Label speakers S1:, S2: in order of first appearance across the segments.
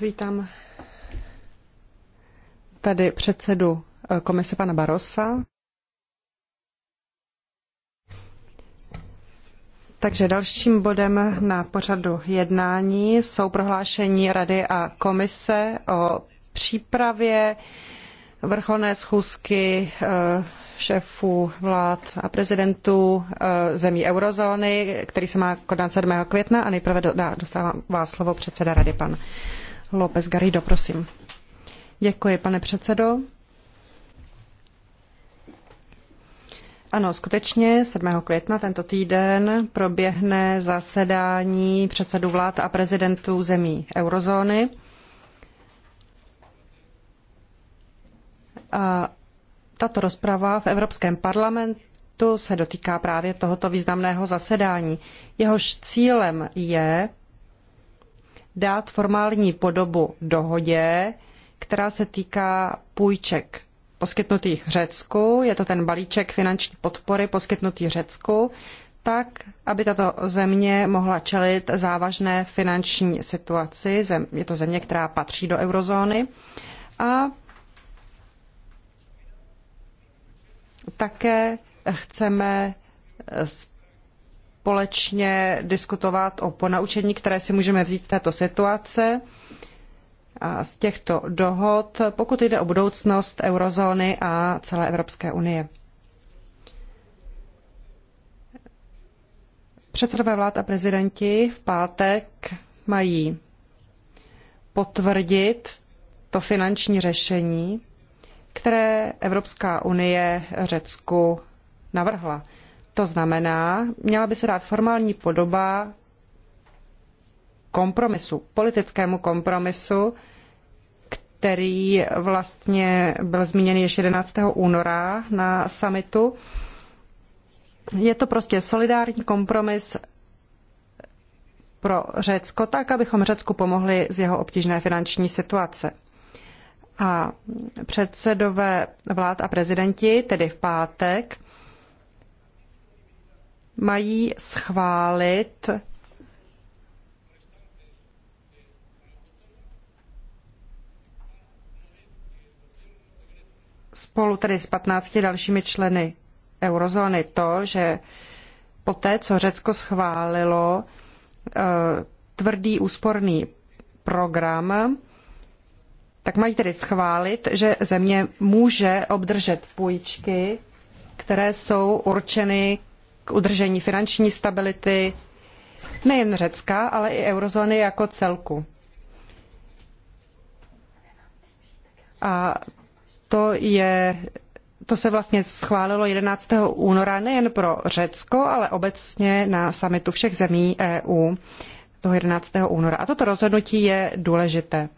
S1: Vítám tady předsedu eh, komise pana Barossa. Takže dalším bodem na pořadu jednání jsou prohlášení Rady a komise o přípravě vrcholné schůzky eh, šéfů vlád a prezidentů eh, zemí eurozóny, který se má konat 7. května a nejprve dostávám vás slovo předseda rady, pan López Garrido, prosím. Děkuji, pane předsedo. Ano, skutečně 7. května tento týden proběhne zasedání předsedů vlád a prezidentů zemí eurozóny. A tato rozprava v Evropském parlamentu se dotýká právě tohoto významného zasedání. Jehož cílem je dát formální podobu dohodě, která se týká půjček poskytnutých Řecku, je to ten balíček finanční podpory poskytnutý Řecku, tak, aby tato země mohla čelit závažné finanční situaci. Je to země, která patří do eurozóny. A Také chceme eh, společně diskutovat o ponaučení, které si můžeme vzít z této situace a z těchto dohod, pokud jde o budoucnost eurozóny a celé Evropské unie. Předsedové vlád a prezidenti v pátek mají potvrdit to finanční řešení, které Evropská unie Řecku navrhla. To znamená, měla by se dát formální podoba kompromisu, politickému kompromisu, který vlastně byl zmíněn ještě 11. února na summitu. Je to prostě solidární kompromis pro Řecko, tak abychom Řecku pomohli z jeho obtížné finanční situace a předsedové vlád a prezidenti, tedy v pátek, mají schválit spolu tedy s 15 dalšími členy eurozóny to, že poté, co Řecko schválilo eh, tvrdý úsporný program, tak mají tedy schválit, že země může obdržet půjčky, které jsou určeny k udržení finanční stability nejen Řecka, ale i eurozóny jako celku. A to je to se vlastně schválilo 11. února nejen pro Řecko, ale obecně na summitu všech zemí EU toho 11. února. A toto rozhodnutí je důležité.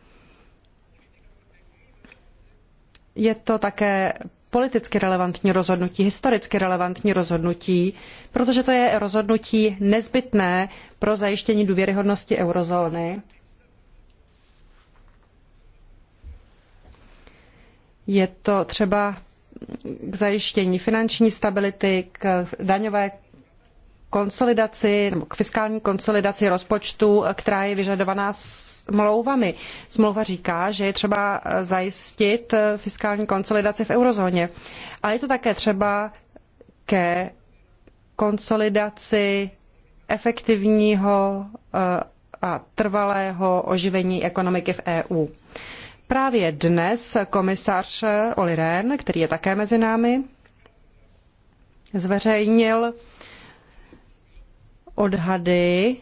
S1: Je to také politicky relevantní rozhodnutí, historicky relevantní rozhodnutí, protože to je rozhodnutí nezbytné pro zajištění důvěryhodnosti eurozóny. Je to třeba k zajištění finanční stability, k daňové konsolidaci, k fiskální konsolidaci rozpočtu, která je vyžadovaná smlouvami. Smlouva říká, že je třeba zajistit fiskální konsolidaci v eurozóně. Ale je to také třeba ke konsolidaci efektivního eh, a trvalého oživení ekonomiky v EU. Právě dnes komisař Oli Rehn, který je také mezi námi, zveřejnil odhady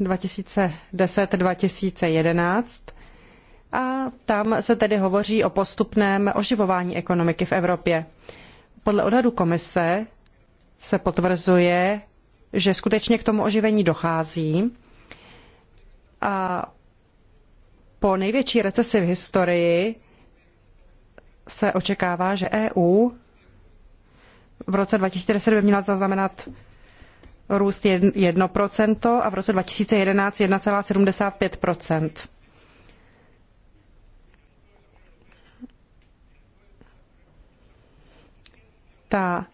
S1: 2010-2011 a tam se tedy hovoří o postupném oživování ekonomiky v Evropě. Podle odhadu komise se potvrzuje, že skutečně k tomu oživení dochází a po největší recesi v historii se očekává, že EU v roce 2010 by měla zaznamenat růst 1% a v roce 2011 1,75%. Ta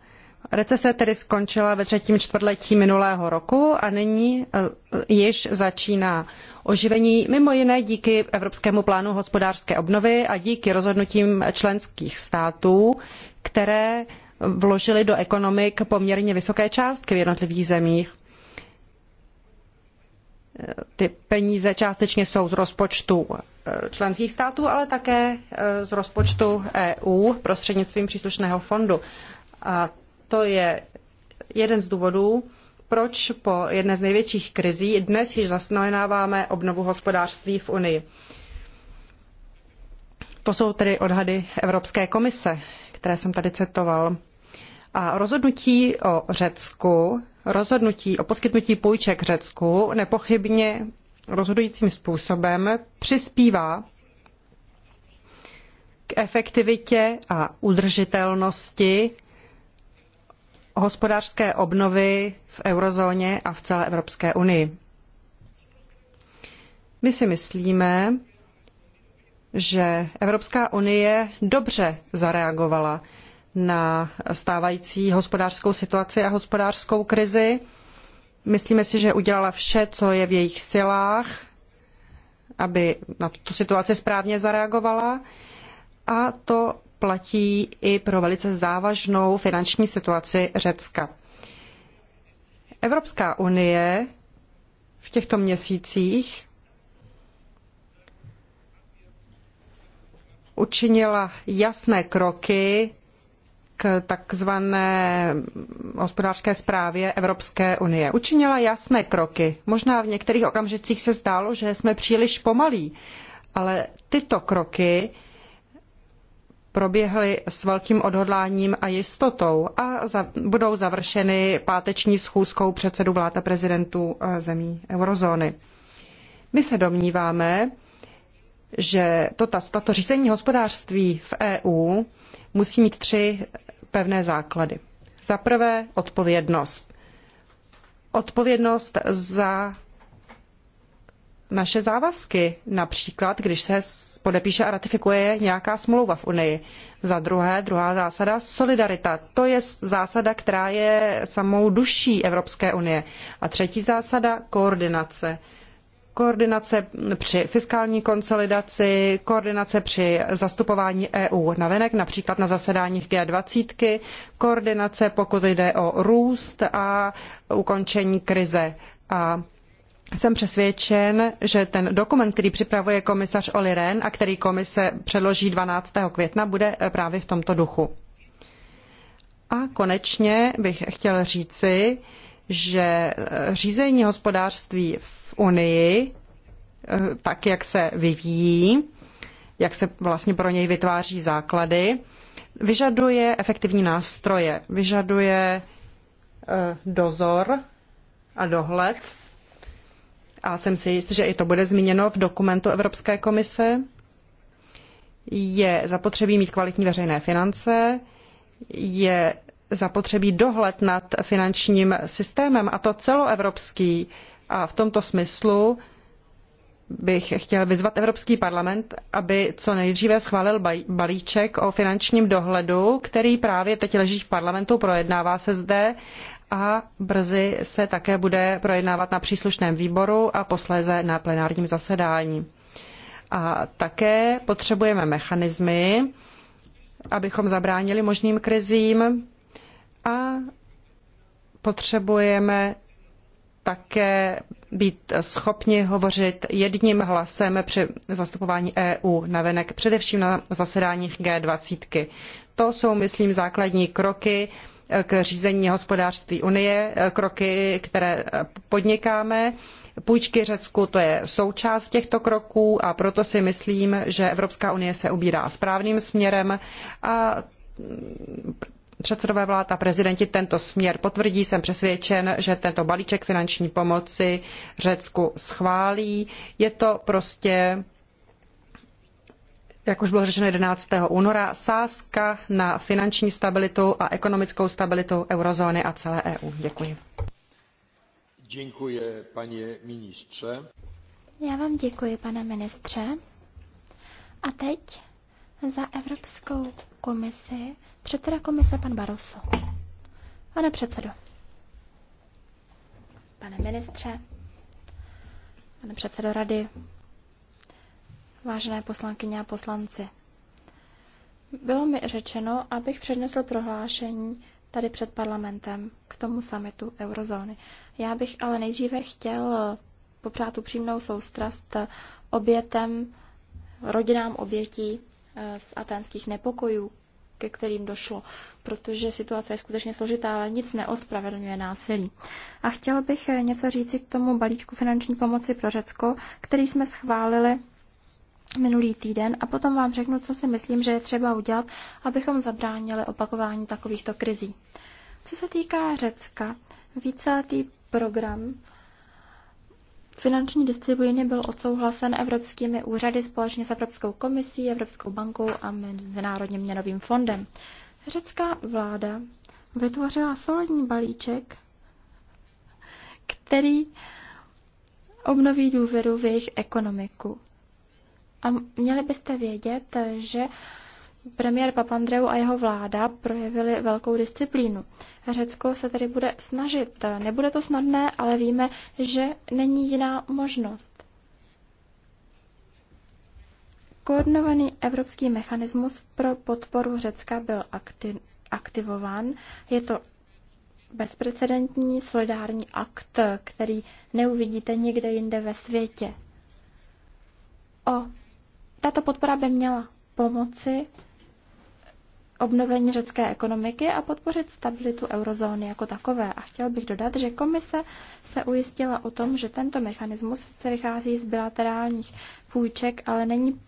S1: recese tedy skončila ve třetím čtvrtletí minulého roku a nyní eh, již začíná oživení mimo jiné díky Evropskému plánu hospodářské obnovy a díky rozhodnutím členských států, které vložili do ekonomik poměrně vysoké částky v jednotlivých zemích. Ty peníze částečně jsou z rozpočtu eh, členských států, ale také eh, z rozpočtu EU prostřednictvím příslušného fondu. A to je jeden z důvodů, proč po jedné z největších krizí dnes již zaznamenáváme obnovu hospodářství v Unii. To jsou tedy odhady Evropské komise, které jsem tady citoval. A rozhodnutí o Řecku, rozhodnutí o poskytnutí půjček Řecku nepochybně rozhodujícím způsobem přispívá k efektivitě a udržitelnosti hospodářské obnovy v eurozóně a v celé Evropské unii. My si myslíme, že Evropská unie dobře zareagovala na stávající hospodářskou situaci a hospodářskou krizi. Myslíme si, že udělala vše, co je v jejich silách, aby na tuto situaci správně zareagovala. A to platí i pro velice závažnou finanční situaci Řecka. Evropská unie v těchto měsících učinila jasné kroky k takzvané hospodářské zprávě Evropské unie. Učinila jasné kroky. Možná v některých okamžicích se zdálo, že jsme příliš pomalí, ale tyto kroky proběhly s velkým odhodláním a jistotou a za, budou završeny páteční schůzkou předsedů vlád a prezidentů eh, zemí eurozóny. My se domníváme, že to, tato řízení hospodářství v EU musí mít tři pevné základy. Za prvé odpovědnost. Odpovědnost za naše závazky, například když se podepíše a ratifikuje nějaká smlouva v Unii. Za druhé, druhá zásada, solidarita. To je zásada, která je samou duší Evropské unie. A třetí zásada, koordinace koordinace při fiskální konsolidaci, koordinace při zastupování EU na venek, například na zasedáních G20, koordinace pokud jde o růst a ukončení krize. A jsem přesvědčen, že ten dokument, který připravuje komisař Oli Rehn a který komise předloží 12. května, bude právě v tomto duchu. A konečně bych chtěl říci, že eh, řízení hospodářství v Unii, eh, tak jak se vyvíjí, jak se vlastně pro něj vytváří základy, vyžaduje efektivní nástroje, vyžaduje eh, dozor a dohled. A jsem si jist, že i to bude zmíněno v dokumentu Evropské komise. Je zapotřebí mít kvalitní veřejné finance, je zapotřebí dohled nad finančním systémem, a to celoevropský. A v tomto smyslu bych chtěl vyzvat Evropský parlament, aby co nejdříve schválil balíček o finančním dohledu, který právě teď leží v parlamentu, projednává se zde a brzy se také bude projednávat na příslušném výboru a posléze na plenárním zasedání. A také potřebujeme mechanismy, abychom zabránili možným krizím, a potřebujeme také být schopni hovořit jedním hlasem při zastupování EU na venek, především na zasedáních G20. To jsou, myslím, základní kroky k řízení hospodářství Unie, kroky, které podnikáme. Půjčky Řecku to je součást těchto kroků a proto si myslím, že Evropská unie se ubírá správným směrem a předsedové vlád a prezidenti tento směr potvrdí. Jsem přesvědčen, že tento balíček finanční pomoci Řecku schválí. Je to prostě jak už bylo řečeno 11. února, sázka na finanční stabilitu a ekonomickou stabilitu eurozóny a celé EU. Děkuji. Děkuji, paní ministře.
S2: Já vám děkuji, pane ministře. A teď za Evropskou komisi, předseda komise pan Barroso. Pane předsedo, pane ministře, pane předsedo rady, vážené poslankyně a poslanci. Bylo mi řečeno, abych přednesl prohlášení tady před parlamentem k tomu samitu eurozóny. Já bych ale nejdříve chtěl popřát upřímnou soustrast obětem, rodinám obětí Eh, z aténských nepokojů, ke kterým došlo, protože situace je skutečně složitá, ale nic neospravedlňuje násilí. A chtěl bych eh, něco říci k tomu balíčku finanční pomoci pro Řecko, který jsme schválili minulý týden a potom vám řeknu, co si myslím, že je třeba udělat, abychom zabránili opakování takovýchto krizí. Co se týká Řecka, víceletý program Finanční disciplíny byl odsouhlasen evropskými úřady společně s Evropskou komisí, Evropskou bankou a Mezinárodním měnovým fondem. Řecká vláda vytvořila solidní balíček, který obnoví důvěru v jejich ekonomiku. A měli byste vědět, že Premiér Papandreou a jeho vláda projevili velkou disciplínu. Řecko se tedy bude snažit. Nebude to snadné, ale víme, že není jiná možnost. Koordinovaný evropský mechanismus pro podporu Řecka byl akti- aktivován. Je to bezprecedentní solidární akt, který neuvidíte nikde jinde ve světě. O, tato podpora by měla pomoci obnovení řecké ekonomiky a podpořit stabilitu eurozóny jako takové. A chtěl bych dodat, že komise se ujistila o tom, že tento mechanismus sice vychází z bilaterálních půjček, ale není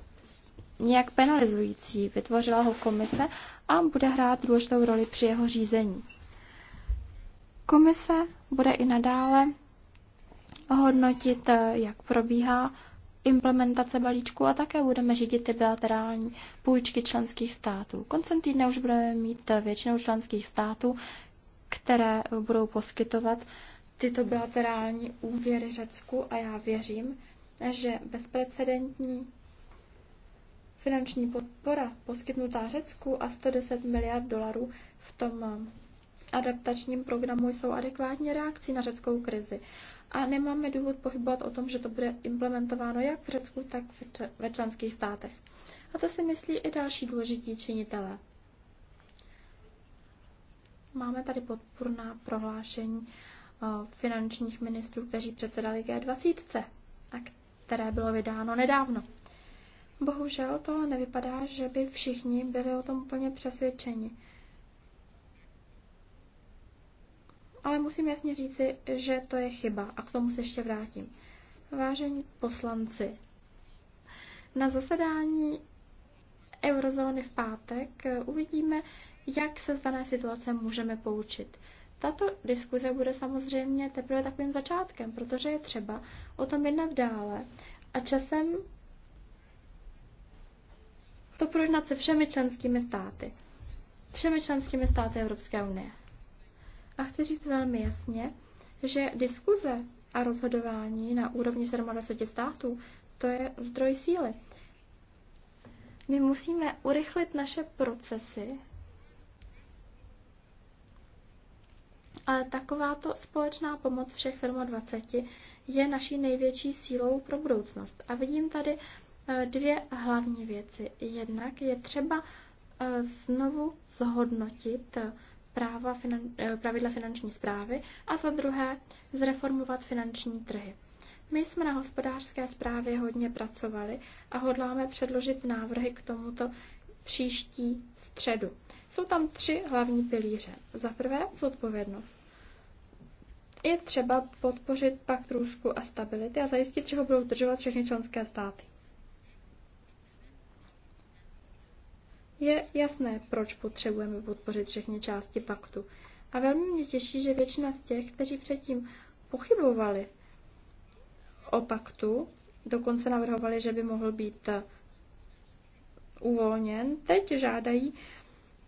S2: nějak penalizující. Vytvořila ho komise a bude hrát důležitou roli při jeho řízení. Komise bude i nadále hodnotit, jak probíhá implementace balíčku a také budeme řídit ty bilaterální půjčky členských států. Koncem týdne už budeme mít většinou členských států, které budou poskytovat tyto bilaterální úvěry Řecku a já věřím, že bezprecedentní finanční podpora poskytnutá Řecku a 110 miliard dolarů v tom adaptačním programu jsou adekvátní reakcí na řeckou krizi a nemáme důvod pochybovat o tom, že to bude implementováno jak v Řecku, tak ve členských státech. A to si myslí i další důležití činitelé. Máme tady podpůrná prohlášení eh, finančních ministrů, kteří předsedali G20, a které bylo vydáno nedávno. Bohužel to nevypadá, že by všichni byli o tom plně přesvědčeni. ale musím jasně říci, že to je chyba a k tomu se ještě vrátím. Vážení poslanci, na zasedání eurozóny v pátek eh, uvidíme, jak se z dané situace můžeme poučit. Tato diskuze bude samozřejmě teprve takovým začátkem, protože je třeba o tom jednat dále a časem to projednat se všemi členskými státy. Všemi členskými státy Evropské unie. A chci říct velmi jasně, že diskuze a rozhodování na úrovni 27 států, to je zdroj síly. My musíme urychlit naše procesy, ale takováto společná pomoc všech 27 je naší největší sílou pro budoucnost. A vidím tady eh, dvě hlavní věci. Jednak je třeba eh, znovu zhodnotit práva finan, eh, pravidla finanční zprávy a za druhé zreformovat finanční trhy. My jsme na hospodářské zprávě hodně pracovali a hodláme předložit návrhy k tomuto příští středu. Jsou tam tři hlavní pilíře. Za prvé zodpovědnost. Je třeba podpořit pakt růzku a stability a zajistit, že ho budou držovat všechny členské státy. Je jasné, proč potřebujeme podpořit všechny části paktu. A velmi mě těší, že většina z těch, kteří předtím pochybovali o paktu, dokonce navrhovali, že by mohl být eh, uvolněn, teď žádají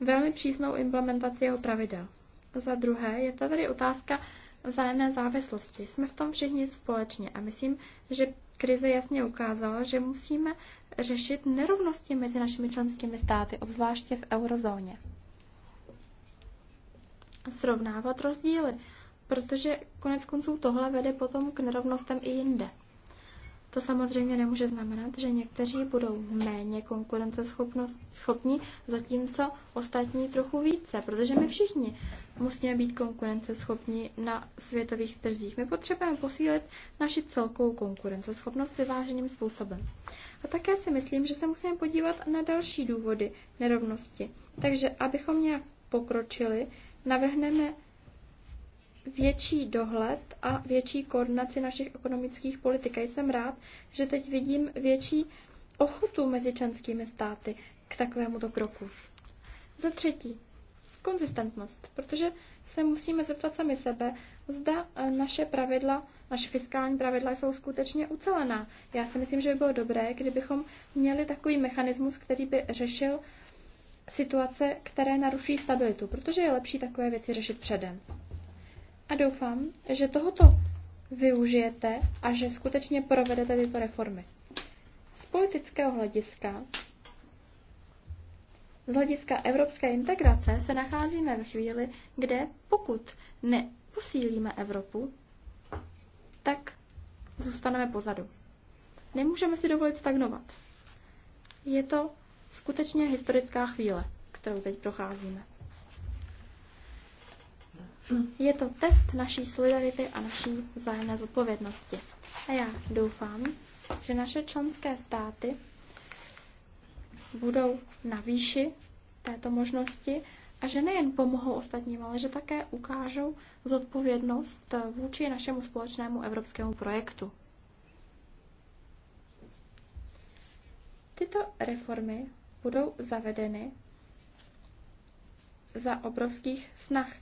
S2: velmi přísnou implementaci jeho pravidel. Za druhé je tady otázka vzájemné závislosti. Jsme v tom všichni společně a myslím, že Krize jasně ukázala, že musíme řešit nerovnosti mezi našimi členskými státy, obzvláště v eurozóně. Srovnávat rozdíly, protože konec konců tohle vede potom k nerovnostem i jinde. To samozřejmě nemůže znamenat, že někteří budou méně konkurenceschopní, zatímco ostatní trochu více, protože my všichni musíme být konkurenceschopní na světových trzích. My potřebujeme posílit naši celkovou konkurenceschopnost vyváženým způsobem. A také si myslím, že se musíme podívat na další důvody nerovnosti. Takže abychom nějak pokročili, navrhneme větší dohled a větší koordinaci našich ekonomických politik. A jsem rád, že teď vidím větší ochotu mezi členskými státy k takovémuto kroku. Za třetí, konzistentnost, protože se musíme zeptat sami sebe, zda eh, naše pravidla, naše fiskální pravidla jsou skutečně ucelená. Já si myslím, že by bylo dobré, kdybychom měli takový mechanismus, který by řešil situace, které naruší stabilitu, protože je lepší takové věci řešit předem. A doufám, že tohoto využijete a že skutečně provedete tyto reformy. Z politického hlediska z hlediska evropské integrace se nacházíme ve chvíli, kde pokud neposílíme Evropu, tak zůstaneme pozadu. Nemůžeme si dovolit stagnovat. Je to skutečně historická chvíle, kterou teď procházíme. Je to test naší solidarity a naší vzájemné zodpovědnosti. A já doufám, že naše členské státy budou na výši této možnosti a že nejen pomohou ostatním, ale že také ukážou zodpovědnost vůči našemu společnému evropskému projektu. Tyto reformy budou zavedeny za obrovských snah.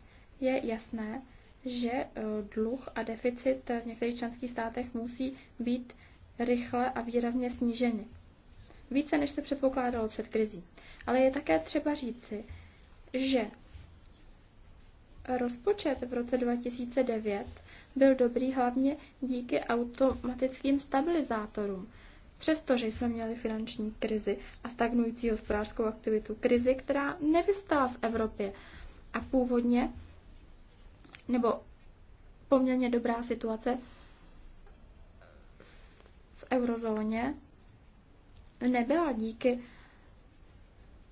S2: Je jasné, že e, dluh a deficit v některých členských státech musí být rychle a výrazně sníženy více, než se předpokládalo před krizí. Ale je také třeba říci, že rozpočet v roce 2009 byl dobrý hlavně díky automatickým stabilizátorům. Přestože jsme měli finanční krizi a stagnující hospodářskou aktivitu, krizi, která nevystala v Evropě a původně, nebo poměrně dobrá situace v eurozóně nebyla díky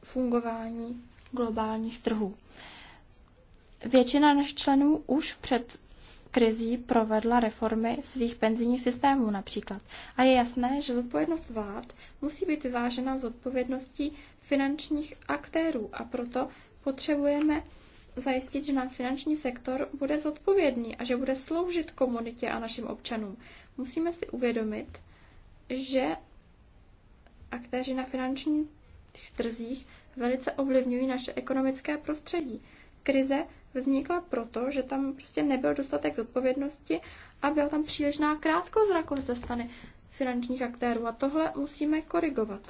S2: fungování globálních trhů. Většina našich členů už před krizí provedla reformy svých penzijních systémů například. A je jasné, že zodpovědnost vlád musí být vyvážena s odpovědností finančních aktérů a proto potřebujeme zajistit, že náš finanční sektor bude zodpovědný a že bude sloužit komunitě a našim občanům. Musíme si uvědomit, že aktéři na finančních trzích velice ovlivňují naše ekonomické prostředí. Krize vznikla proto, že tam prostě nebyl dostatek zodpovědnosti a byla tam přílišná krátkozrakost ze strany finančních aktérů a tohle musíme korigovat.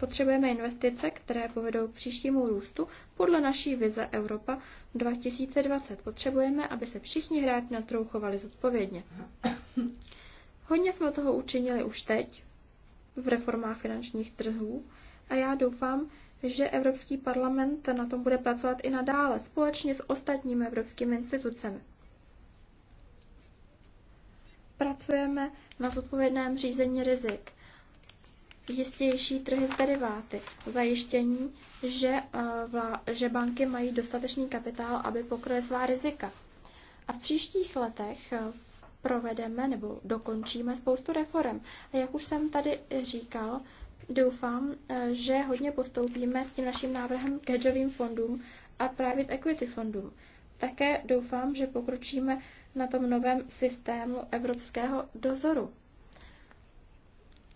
S2: Potřebujeme investice, které povedou k příštímu růstu podle naší vize Evropa 2020. Potřebujeme, aby se všichni hráči na trhu chovali zodpovědně. Hodně jsme toho učinili už teď, v reformách finančních trhů a já doufám, že Evropský parlament na tom bude pracovat i nadále společně s ostatními evropskými institucemi. Pracujeme na zodpovědném řízení rizik, jistější trhy s deriváty, zajištění, že, eh, že banky mají dostatečný kapitál, aby pokryly svá rizika. A v příštích letech eh, provedeme nebo dokončíme spoustu reform. A jak už jsem tady říkal, doufám, eh, že hodně postoupíme s tím naším návrhem k hedžovým fondům a private equity fondům. Také doufám, že pokročíme na tom novém systému evropského dozoru,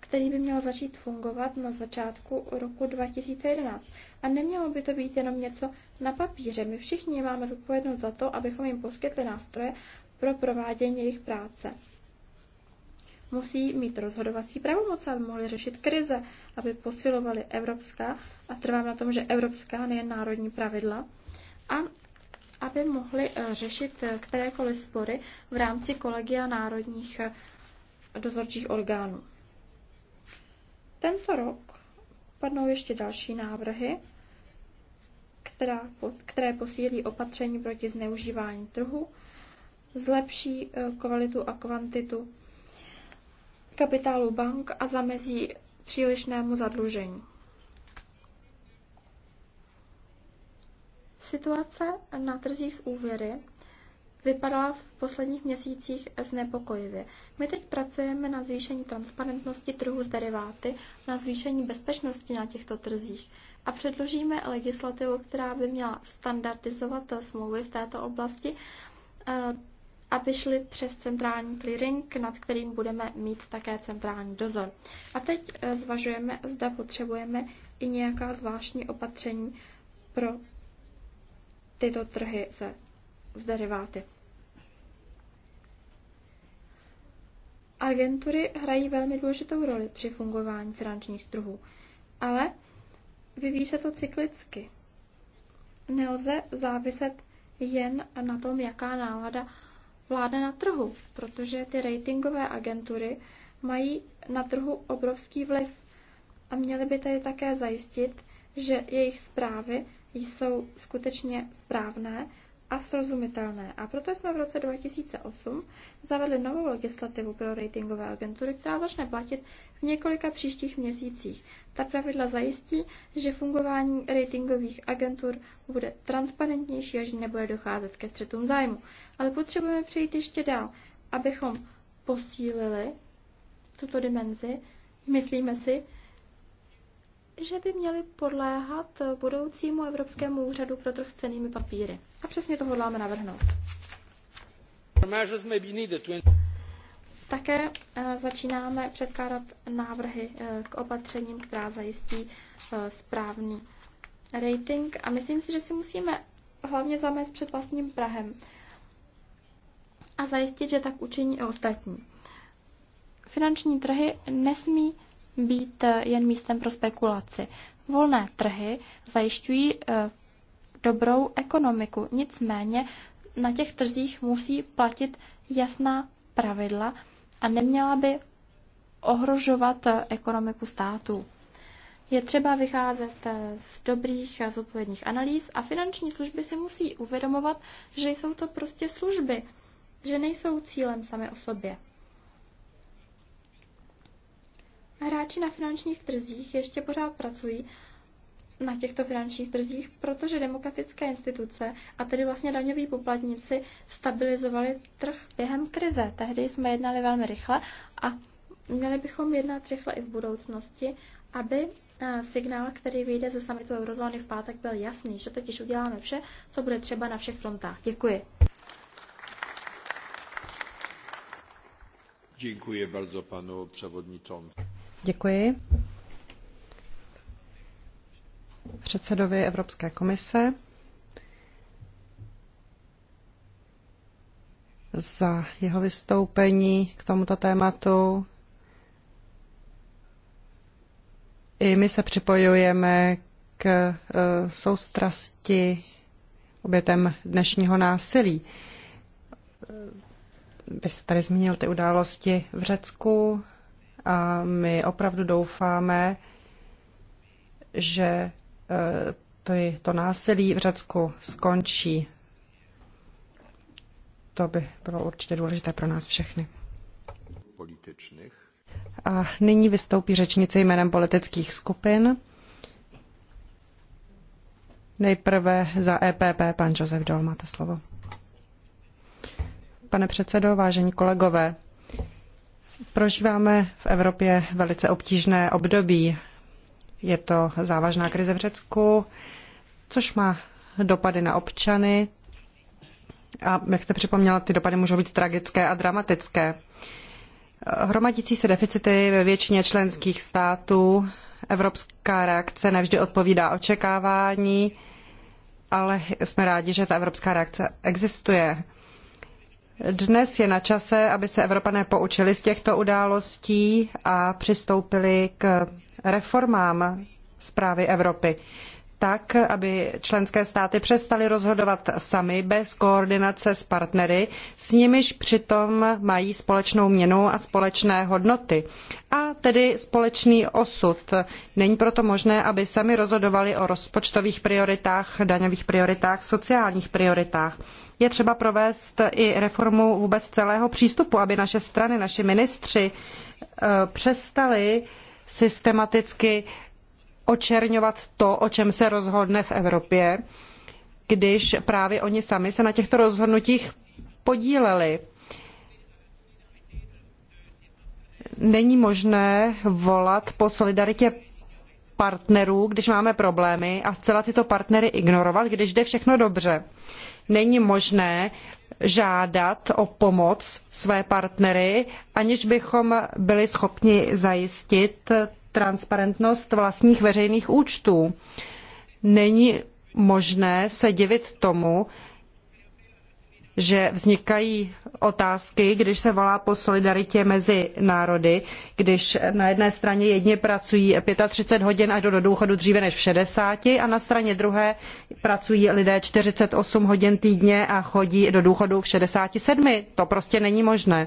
S2: který by měl začít fungovat na začátku roku 2011. A nemělo by to být jenom něco na papíře. My všichni máme zodpovědnost za to, abychom jim poskytli nástroje, pro provádění jejich práce. Musí mít rozhodovací pravomoc, aby mohli řešit krize, aby posilovali evropská, a trvám na tom, že evropská, nejen národní pravidla, a aby mohli eh, řešit eh, kterékoliv spory v rámci kolegia národních eh, dozorčích orgánů. Tento rok padnou ještě další návrhy, která, které posílí opatření proti zneužívání trhu zlepší eh, kvalitu a kvantitu kapitálu bank a zamezí přílišnému zadlužení. Situace na trzích s úvěry vypadala v posledních měsících znepokojivě. My teď pracujeme na zvýšení transparentnosti trhu s deriváty, na zvýšení bezpečnosti na těchto trzích a předložíme legislativu, která by měla standardizovat smlouvy v této oblasti eh, aby šly přes centrální clearing, nad kterým budeme mít také centrální dozor. A teď eh, zvažujeme, zda potřebujeme i nějaká zvláštní opatření pro tyto trhy se z deriváty. Agentury hrají velmi důležitou roli při fungování finančních trhů, ale vyvíjí se to cyklicky. Nelze záviset jen na tom, jaká nálada vláda na trhu, protože ty ratingové agentury mají na trhu obrovský vliv a měly by tady také zajistit, že jejich zprávy jsou skutečně správné a srozumitelné. A proto jsme v roce 2008 zavedli novou legislativu pro ratingové agentury, která začne platit v několika příštích měsících. Ta pravidla zajistí, že fungování ratingových agentur bude transparentnější a že nebude docházet ke střetům zájmu. Ale potřebujeme přejít ještě dál, abychom posílili tuto dimenzi. Myslíme si, že by měly podléhat eh, budoucímu Evropskému úřadu pro trh cenými papíry. A přesně to hodláme navrhnout. Také eh, začínáme předkládat návrhy eh, k opatřením, která zajistí správný rating a myslím si, že si musíme hlavně zamést před vlastním Prahem a zajistit, že tak učiní i ostatní. Finanční trhy nesmí být eh, jen místem pro spekulaci. Volné trhy zajišťují eh, dobrou ekonomiku, nicméně na těch trzích musí platit jasná pravidla a neměla by ohrožovat eh, ekonomiku států. Je třeba vycházet z dobrých a zodpovědných analýz a finanční služby si musí uvědomovat, že jsou to prostě služby, že nejsou cílem sami o sobě. Hráči na finančních trzích ještě pořád pracují na těchto finančních trzích, protože demokratické instituce a tedy vlastně daňoví poplatníci stabilizovali trh během krize. Tehdy jsme jednali velmi rychle a měli bychom jednat rychle i v budoucnosti, aby eh, signál, který vyjde ze samitu eurozóny v pátek, byl jasný, že totiž uděláme vše, co bude třeba na všech frontách. Děkuji.
S1: Děkuji bardzo panu przewodniczącemu. Děkuji. Předsedovi Evropské komise za jeho vystoupení k tomuto tématu. I my se připojujeme k e, soustrasti obětem dnešního násilí. Vy jste tady zmínil ty události v Řecku, a my opravdu doufáme, že to, je to násilí v Řecku skončí. To by bylo určitě důležité pro nás všechny. Političných. A nyní vystoupí řečnice jménem politických skupin. Nejprve za EPP pan Josef Dol, máte slovo. Pane předsedo, vážení kolegové, Prožíváme v Evropě velice obtížné období. Je to závažná krize v Řecku, což má dopady na občany. A jak jste připomněla, ty dopady můžou být tragické a dramatické. Hromadící se deficity ve většině členských států, evropská reakce nevždy odpovídá očekávání, ale jsme rádi, že ta evropská reakce existuje. Dnes je na čase, aby se Evropané poučili z těchto událostí a přistoupili k reformám zprávy Evropy tak, aby členské státy přestaly rozhodovat sami bez koordinace s partnery, s nimiž přitom mají společnou měnu a společné hodnoty a tedy společný osud. Není proto možné, aby sami rozhodovali o rozpočtových prioritách, daňových prioritách, sociálních prioritách. Je třeba provést i reformu vůbec celého přístupu, aby naše strany, naši ministři eh, přestali systematicky očerňovat to, o čem se rozhodne v Evropě, když právě oni sami se na těchto rozhodnutích podíleli. Není možné volat po solidaritě partnerů, když máme problémy a zcela tyto partnery ignorovat, když jde všechno dobře. Není možné žádat o pomoc své partnery, aniž bychom byli schopni zajistit transparentnost vlastních veřejných účtů. Není možné se divit tomu, že vznikají otázky, když se volá po solidaritě mezi národy, když na jedné straně jedni pracují 35 hodin a jdou do důchodu dříve než v 60 a na straně druhé pracují lidé 48 hodin týdně a chodí do důchodu v 67. To prostě není možné.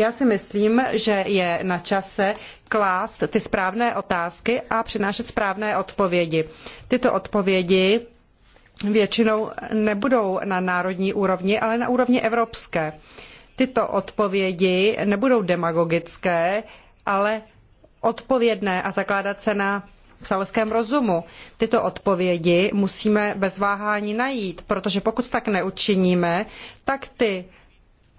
S1: Já si myslím, že je na čase klást ty správné otázky a přinášet správné odpovědi. Tyto odpovědi většinou nebudou na národní úrovni, ale na úrovni evropské. Tyto odpovědi nebudou demagogické, ale odpovědné a zakládat se na selském rozumu. Tyto odpovědi musíme bez váhání najít, protože pokud tak neučiníme, tak ty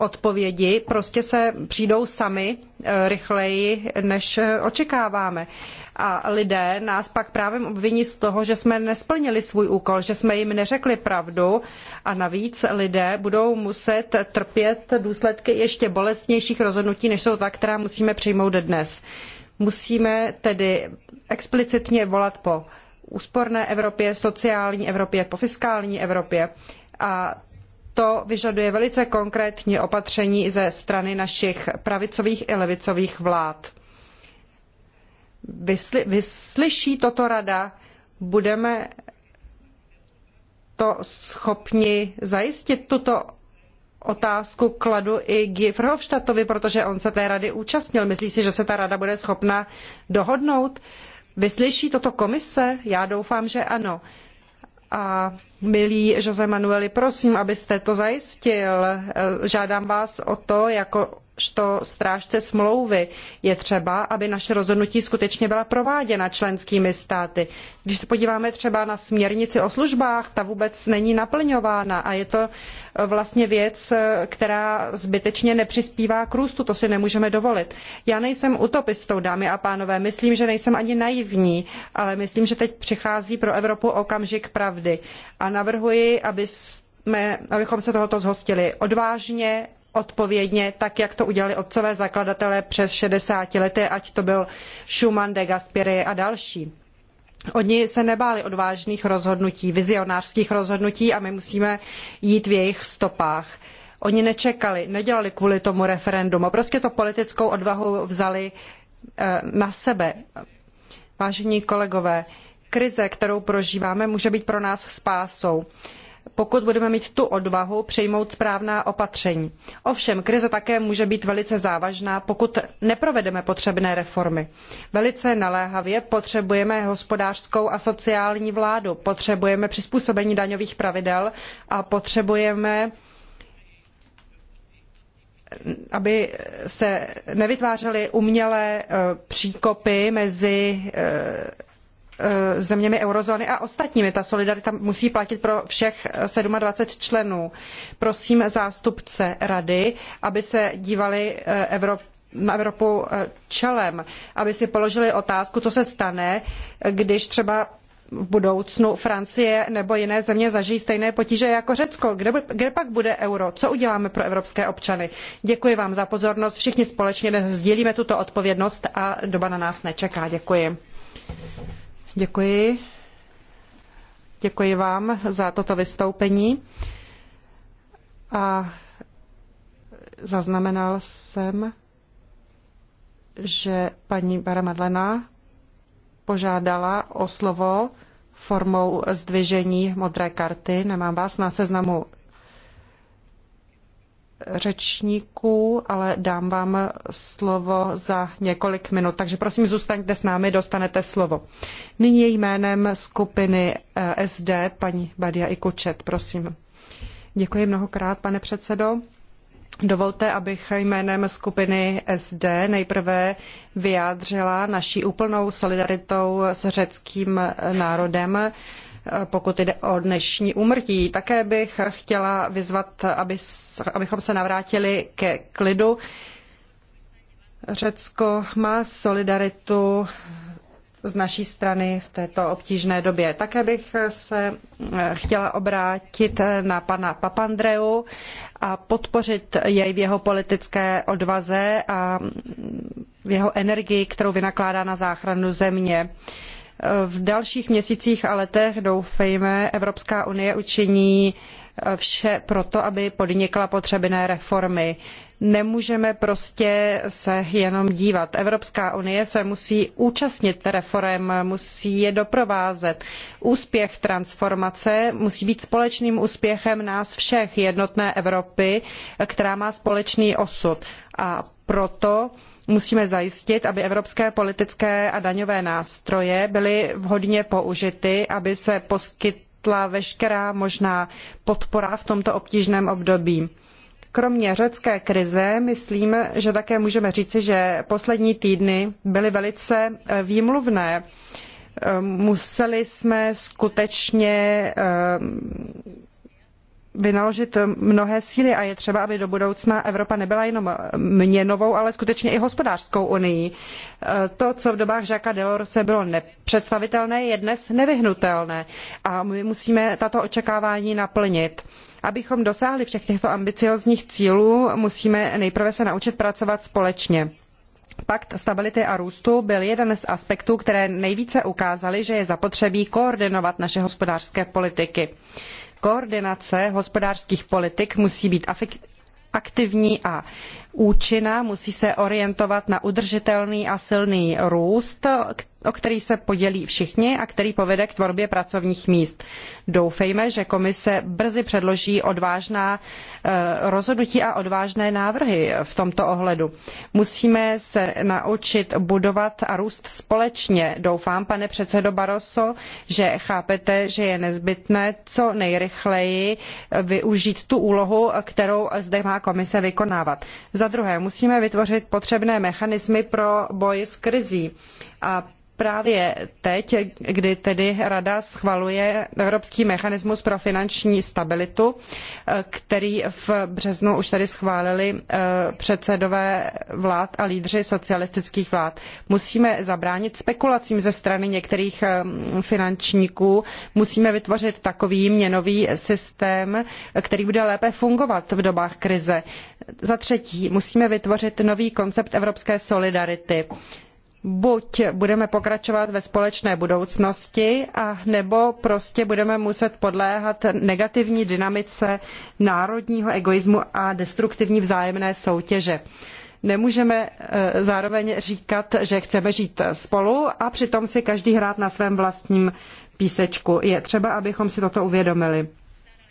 S1: odpovědi prostě se přijdou sami e, rychleji, než očekáváme. A lidé nás pak právě obviní z toho, že jsme nesplnili svůj úkol, že jsme jim neřekli pravdu a navíc lidé budou muset trpět důsledky ještě bolestnějších rozhodnutí, než jsou ta, která musíme přijmout dnes. Musíme tedy explicitně volat po úsporné Evropě, sociální Evropě, po fiskální Evropě. A to vyžaduje velice konkrétní opatření ze strany našich pravicových i levicových vlád. Vysly, vyslyší toto rada, budeme to schopni zajistit. Tuto otázku kladu i Guy Verhofstadtovi, protože on se té rady účastnil. Myslí si, že se ta rada bude schopna dohodnout? Vyslyší toto komise? Já doufám, že ano. A milý Jose Manueli, prosím, abyste to zajistil. Žádám vás o to jako jakožto strážce smlouvy. Je třeba, aby naše rozhodnutí skutečně byla prováděna členskými státy. Když se podíváme třeba na směrnici o službách, ta vůbec není naplňována a je to eh, vlastně věc, eh, která zbytečně nepřispívá k růstu, to si nemůžeme dovolit. Já nejsem utopistou, dámy a pánové, myslím, že nejsem ani naivní, ale myslím, že teď přichází pro Evropu okamžik pravdy a navrhuji, aby jsme, abychom se tohoto zhostili odvážně, odpovědně, tak jak to udělali otcové zakladatelé přes 60 lety, ať to byl Schumann, de Gasperi a další. Oni se nebáli odvážných rozhodnutí, vizionářských rozhodnutí a my musíme jít v jejich stopách. Oni nečekali, nedělali kvůli tomu referendum a prostě to politickou odvahu vzali eh, na sebe. Vážení kolegové, krize, kterou prožíváme, může být pro nás spásou pokud budeme mít tu odvahu přijmout správná opatření. Ovšem, krize také může být velice závažná, pokud neprovedeme potřebné reformy. Velice naléhavě potřebujeme hospodářskou a sociální vládu, potřebujeme přizpůsobení daňových pravidel a potřebujeme aby se nevytvářely umělé eh, příkopy mezi eh, Eh, zeměmi eurozóny a ostatními. Ta solidarita musí platit pro všech 27 členů. Prosím zástupce rady, aby se dívali eh, Evropu na Evropu eh, čelem, aby si položili otázku, co se stane, když třeba v budoucnu Francie nebo jiné země zažijí stejné potíže jako Řecko. Kde, kde pak bude euro? Co uděláme pro evropské občany? Děkuji vám za pozornost. Všichni společně sdílíme tuto odpovědnost a doba na nás nečeká. Děkuji. Děkuji. Děkuji vám za toto vystoupení. A zaznamenal jsem, že paní Bara Madlena požádala o slovo formou zdvižení modré karty. Nemám vás na seznamu řečníků, ale dám vám slovo za několik minut. Takže prosím, zůstaňte s námi, dostanete slovo. Nyní je jménem skupiny eh, SD paní Badia Ikučet, prosím. Děkuji mnohokrát, pane předsedo. Dovolte, abych jménem skupiny SD nejprve vyjádřila naší úplnou solidaritou s řeckým národem pokud jde o dnešní úmrtí. Také bych chtěla vyzvat, aby, abychom se navrátili ke klidu. Řecko má solidaritu z naší strany v této obtížné době. Také bych se eh, chtěla obrátit na pana Papandreu a podpořit jej v jeho politické odvaze a v jeho energii, kterou vynakládá na záchranu země. V dalších měsících a letech, doufejme, Evropská unie učiní eh, vše proto, aby podnikla potřebné reformy. Nemůžeme prostě se jenom dívat. Evropská unie se musí účastnit reforem, musí je doprovázet. Úspěch transformace musí být společným úspěchem nás všech, jednotné Evropy, eh, která má společný osud. A proto uh, musíme zajistit, aby evropské politické a daňové nástroje byly vhodně použity, aby se poskytla veškerá možná podpora v tomto obtížném období. Kromě řecké krize, myslím, že také můžeme říci, že poslední týdny byly velice eh, výmluvné. Eh, museli jsme skutečně eh, vynaložit mnohé síly a je třeba, aby do budoucna Evropa nebyla jenom měnovou, ale skutečně i hospodářskou unii. To, co v dobách Žaka Delorse bylo nepředstavitelné, je dnes nevyhnutelné a my musíme tato očekávání naplnit. Abychom dosáhli všech těchto ambiciózních cílů, musíme nejprve se naučit pracovat společně. Pakt stability a růstu byl jeden z aspektů, které nejvíce ukázaly, že je zapotřebí koordinovat naše hospodářské politiky. Koordinace hospodářských politik musí být aktivní a účinná, musí se orientovat na udržitelný a silný růst, o který se podělí všichni a který povede k tvorbě pracovních míst. Doufejme, že komise brzy předloží odvážná eh, rozhodnutí a odvážné návrhy v tomto ohledu. Musíme se naučit budovat a růst společně. Doufám, pane předsedo Barroso, že chápete, že je nezbytné co nejrychleji eh, využít tu úlohu, kterou zde má komise vykonávat. Za druhé, musíme vytvořit potřebné mechanismy pro boj s krizí. A právě teď, kdy tedy Rada schvaluje Evropský mechanismus pro finanční stabilitu, který v březnu už tady schválili eh, předsedové vlád a lídři socialistických vlád. Musíme zabránit spekulacím ze strany některých eh, finančníků, musíme vytvořit takový měnový systém, který bude lépe fungovat v dobách krize. Za třetí, musíme vytvořit nový koncept evropské solidarity buď budeme pokračovat ve společné budoucnosti, a nebo prostě budeme muset podléhat negativní dynamice národního egoismu a destruktivní vzájemné soutěže. Nemůžeme e, zároveň říkat, že chceme žít spolu a přitom si každý hrát na svém vlastním písečku. Je třeba, abychom si toto uvědomili.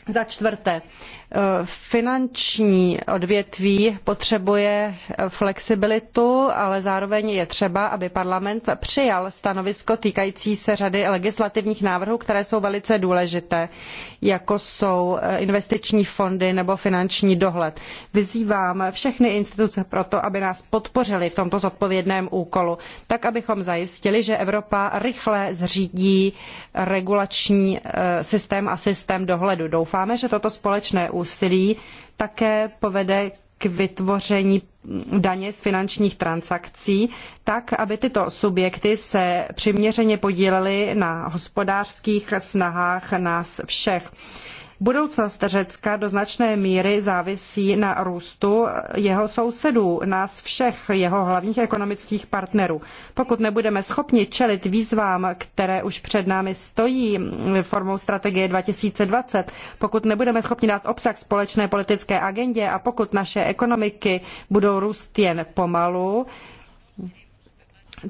S1: Za čtvrté, eh, finanční odvětví potřebuje flexibilitu, ale zároveň je třeba, aby parlament přijal stanovisko týkající se řady legislativních návrhů, které jsou velice důležité, jako jsou eh, investiční fondy nebo finanční dohled. Vyzývám všechny instituce proto, aby nás podpořili v tomto zodpovědném úkolu, tak abychom zajistili, že Evropa rychle zřídí regulační eh, systém a systém dohledu. Doufám, doufáme, že toto společné úsilí také povede k vytvoření daně z finančních transakcí, tak aby tyto subjekty se přiměřeně podílely na hospodářských snahách nás všech. Budoucnost Řecka do značné míry závisí na růstu jeho sousedů, nás všech, jeho hlavních ekonomických partnerů. Pokud nebudeme schopni čelit výzvám, které už před námi stojí formou strategie 2020, pokud nebudeme schopni dát obsah společné politické agendě a pokud naše ekonomiky budou růst jen pomalu,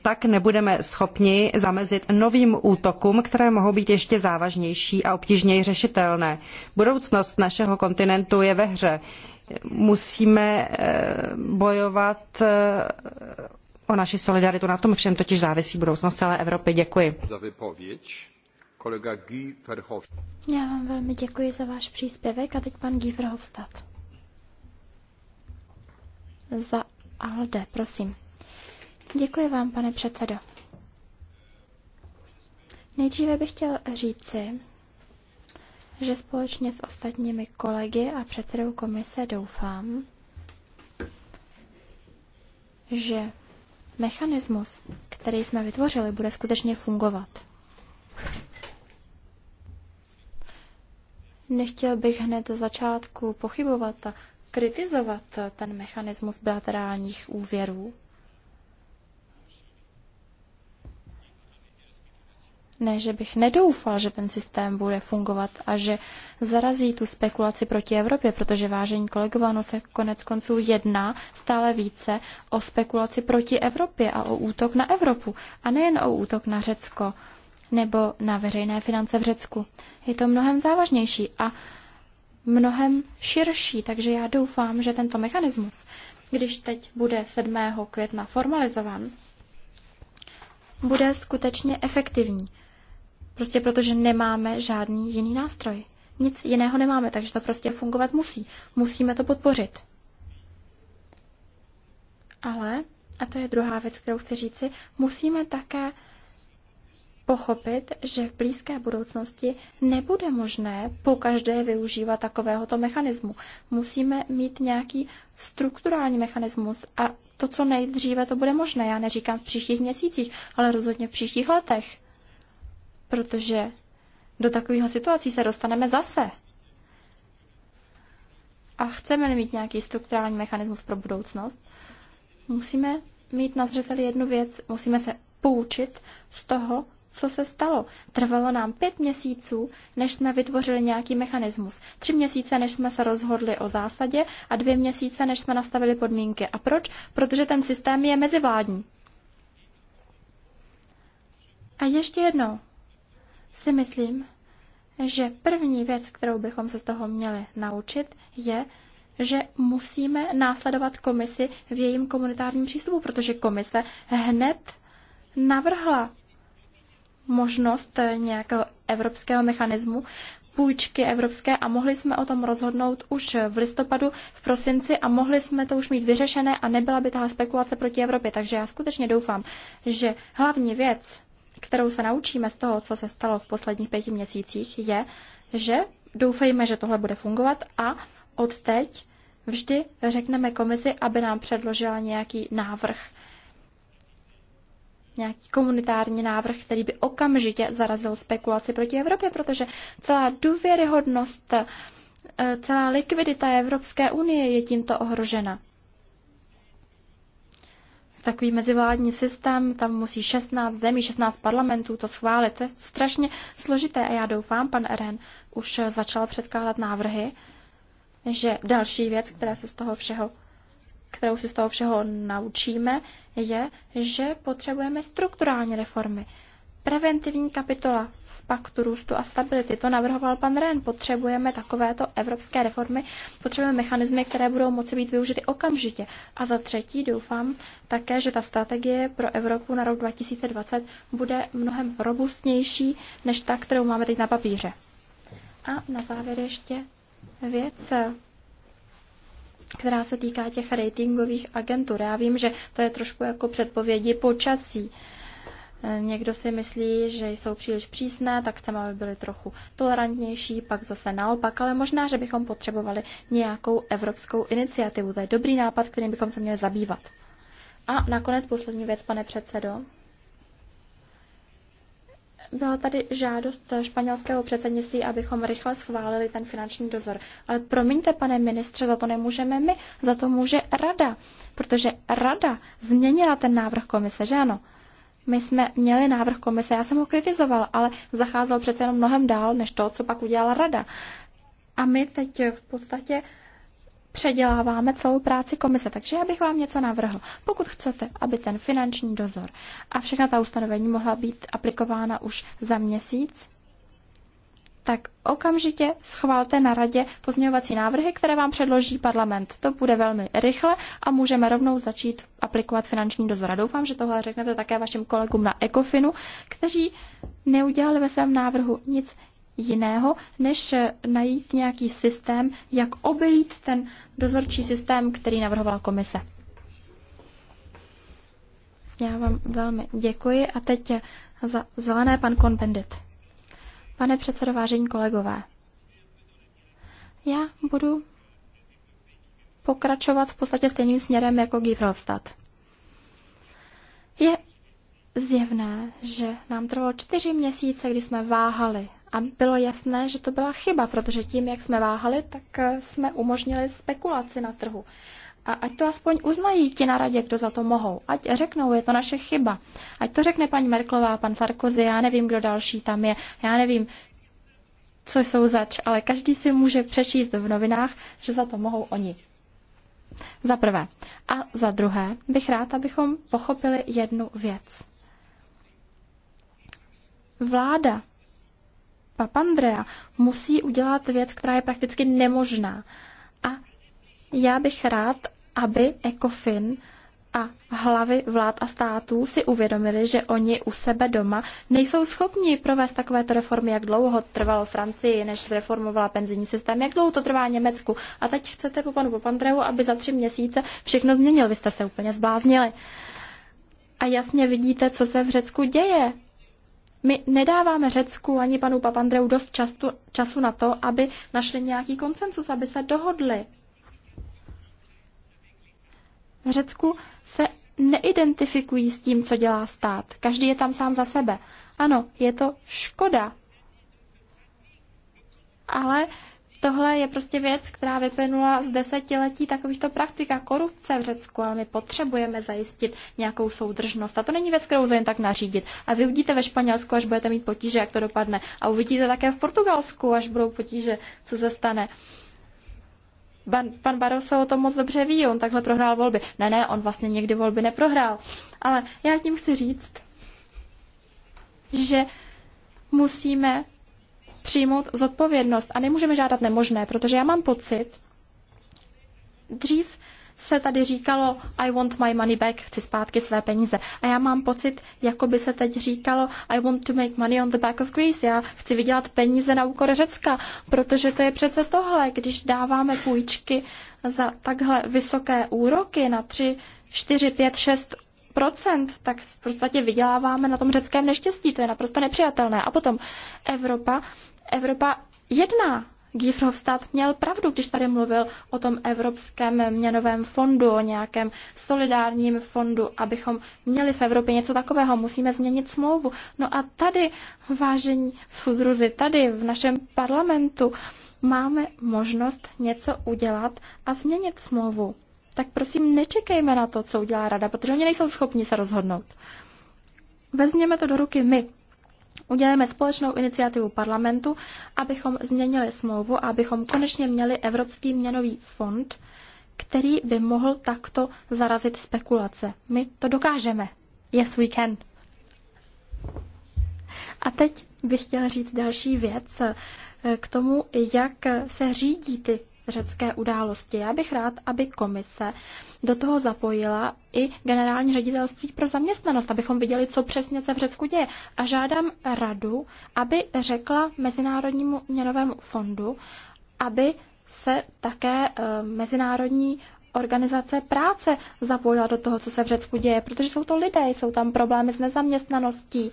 S1: tak nebudeme schopni zamezit novým útokům, které mohou být ještě závažnější a obtížněji řešitelné. Budoucnost našeho kontinentu je ve hře. Musíme eh, bojovat eh, o naši solidaritu. Na tom všem totiž závisí budoucnost celé Evropy. Děkuji.
S3: Za vypověď kolega Guy
S2: Já vám velmi děkuji za váš příspěvek a teď pan Guy Verhofstadt. Za ALDE, prosím. Děkuji vám, pane předsedo. Nejdříve bych chtěl říci, že společně s ostatními kolegy a předsedou komise doufám, že mechanismus, který jsme vytvořili, bude skutečně fungovat. Nechtěl bych hned do začátku pochybovat a kritizovat ten mechanismus bilaterálních úvěrů. Ne, že bych nedoufal, že ten systém bude fungovat a že zarazí tu spekulaci proti Evropě, protože vážení kolegové, ono se konec konců jedná stále více o spekulaci proti Evropě a o útok na Evropu a nejen o útok na Řecko nebo na veřejné finance v Řecku. Je to mnohem závažnější a mnohem širší, takže já doufám, že tento mechanismus, když teď bude 7. května formalizovan, bude skutečně efektivní. Prostě protože nemáme žádný jiný nástroj. Nic jiného nemáme, takže to prostě fungovat musí. Musíme to podpořit. Ale, a to je druhá věc, kterou chci říci, musíme také pochopit, že v blízké budoucnosti nebude možné po každé využívat takovéhoto mechanismu. Musíme mít nějaký strukturální mechanismus a to, co nejdříve to bude možné. Já neříkám v příštích měsících, ale rozhodně v příštích letech protože do takových situací se dostaneme zase. A chceme-li mít nějaký strukturální mechanismus pro budoucnost, musíme mít na zřeteli jednu věc, musíme se poučit z toho, co se stalo. Trvalo nám pět měsíců, než jsme vytvořili nějaký mechanismus. Tři měsíce, než jsme se rozhodli o zásadě a dvě měsíce, než jsme nastavili podmínky. A proč? Protože ten systém je mezivládní. A ještě jednou, si myslím, že první věc, kterou bychom se z toho měli naučit, je, že musíme následovat komisi v jejím komunitárním přístupu, protože komise hned navrhla možnost eh, nějakého evropského mechanismu půjčky evropské a mohli jsme o tom rozhodnout už eh, v listopadu, v prosinci a mohli jsme to už mít vyřešené a nebyla by tahle spekulace proti Evropě. Takže já skutečně doufám, že hlavní věc, kterou se naučíme z toho, co se stalo v posledních pěti měsících, je, že doufejme, že tohle bude fungovat a od teď vždy řekneme komisi, aby nám předložila nějaký návrh, nějaký komunitární návrh, který by okamžitě zarazil spekulaci proti Evropě, protože celá důvěryhodnost, eh, celá likvidita Evropské unie je tímto ohrožena takový mezivládní systém, tam musí 16 zemí, 16 parlamentů to schválit. To je strašně složité a já doufám, pan Eren už začal předkládat návrhy, že další věc, která se z toho všeho kterou si z toho všeho naučíme, je, že potřebujeme strukturální reformy. Preventivní kapitola v paktu růstu a stability, to navrhoval pan Ren. Potřebujeme takovéto evropské reformy, potřebujeme mechanismy, které budou moci být využity okamžitě. A za třetí doufám také, že ta strategie pro Evropu na rok 2020 bude mnohem robustnější než ta, kterou máme teď na papíře. A na závěr ještě věc, která se týká těch ratingových agentur. Já vím, že to je trošku jako předpovědi počasí. Uh, Někdo si myslí, že jsou příliš přísné, tak chceme, aby byly trochu tolerantnější, pak zase naopak, ale možná, že bychom potřebovali nějakou evropskou iniciativu. To je dobrý nápad, kterým bychom se měli zabývat. A nakonec poslední věc, pane předsedo. Byla tady žádost španělského předsednictví, abychom rychle schválili ten finanční dozor. Ale promiňte, pane ministře, za to nemůžeme my, za to může rada, protože rada změnila ten návrh komise, že ano? My jsme měli návrh komise, já jsem ho kritizoval, ale zacházel přece jenom mnohem dál, než to, co pak udělala rada. A my teď v podstatě předěláváme celou práci komise. Takže já bych vám něco navrhl. Pokud chcete, aby ten finanční dozor a všechna ta ustanovení mohla být aplikována už za měsíc, tak okamžitě schválte na radě pozměňovací návrhy, které vám předloží parlament. To bude velmi rychle a můžeme rovnou začít aplikovat finanční dozor. A doufám, že tohle řeknete také vašim kolegům na ECOFINu, kteří neudělali ve svém návrhu nic jiného, než najít nějaký systém, jak obejít ten dozorčí systém, který navrhovala komise. Já vám velmi děkuji a teď za zelené pan Konbendit. Pane předsedo, vážení kolegové, já budu pokračovat v podstatě stejným směrem jako Gifrovstad. Je zjevné, že nám trvalo čtyři měsíce, kdy jsme váhali a bylo jasné, že to byla chyba, protože tím, jak jsme váhali, tak eh, jsme umožnili spekulaci na trhu. A ať to aspoň uznají ti na radě, kdo za to mohou. Ať řeknou, je to naše chyba. Ať to řekne paní Merklová, pan Sarkozy, já nevím, kdo další tam je, já nevím, co jsou zač, ale každý si může přečíst v novinách, že za to mohou oni. Za prvé. A za druhé bych rád, abychom pochopili jednu věc. Vláda Papandrea musí udělat věc, která je prakticky nemožná. A já bych rád, aby ECOFIN a hlavy vlád a států si uvědomili, že oni u sebe doma nejsou schopni provést takovéto reformy, jak dlouho trvalo Francii, než reformovala penzijní systém, jak dlouho to trvá Německu. A teď chcete po panu Popandreu, aby za tři měsíce všechno změnil. Vy jste se úplně zbláznili. A jasně vidíte, co se v Řecku děje. My nedáváme Řecku ani panu Papandreu dost času, času na to, aby našli nějaký koncensus, aby se dohodli v Řecku se neidentifikují s tím, co dělá stát. Každý je tam sám za sebe. Ano, je to škoda. Ale tohle je prostě věc, která vyplynula z desetiletí takovýchto praktik a korupce v Řecku, ale my potřebujeme zajistit nějakou soudržnost. A to není věc, kterou jen tak nařídit. A vy uvidíte ve Španělsku, až budete mít potíže, jak to dopadne. A uvidíte také v Portugalsku, až budou potíže, co se stane pan Barroso o tom moc dobře ví, on takhle prohrál volby. Ne, ne, on vlastně někdy volby neprohrál. Ale já tím chci říct, že musíme přijmout zodpovědnost a nemůžeme žádat nemožné, protože já mám pocit, dřív se tady říkalo I want my money back, chci zpátky své peníze. A já mám pocit, jako by se teď říkalo I want to make money on the back of Greece, já chci vydělat peníze na úkor Řecka, protože to je přece tohle, když dáváme půjčky za takhle vysoké úroky na 3, 4, 5, 6 procent, tak v podstatě vyděláváme na tom řeckém neštěstí. To je naprosto nepřijatelné. A potom Evropa, Evropa jedná Guy Verhofstadt měl pravdu, když tady mluvil o tom Evropském měnovém fondu, o nějakém solidárním fondu, abychom měli v Evropě něco takového, musíme změnit smlouvu. No a tady, vážení sudruzi, tady v našem parlamentu máme možnost něco udělat a změnit smlouvu. Tak prosím, nečekejme na to, co udělá rada, protože oni nejsou schopni se rozhodnout. Vezměme to do ruky my, udělejme společnou iniciativu parlamentu, abychom změnili smlouvu a abychom konečně měli Evropský měnový fond, který by mohl takto zarazit spekulace. My to dokážeme. Yes, we can. A teď bych chtěla říct další věc k tomu, jak se řídí ty řecké události. Já bych rád, aby komise do toho zapojila i generální ředitelství pro zaměstnanost, abychom viděli, co přesně se v Řecku děje. A žádám radu, aby řekla Mezinárodnímu měnovému fondu, aby se také eh, Mezinárodní organizace práce zapojila do toho, co se v Řecku děje, protože jsou to lidé, jsou tam problémy s nezaměstnaností,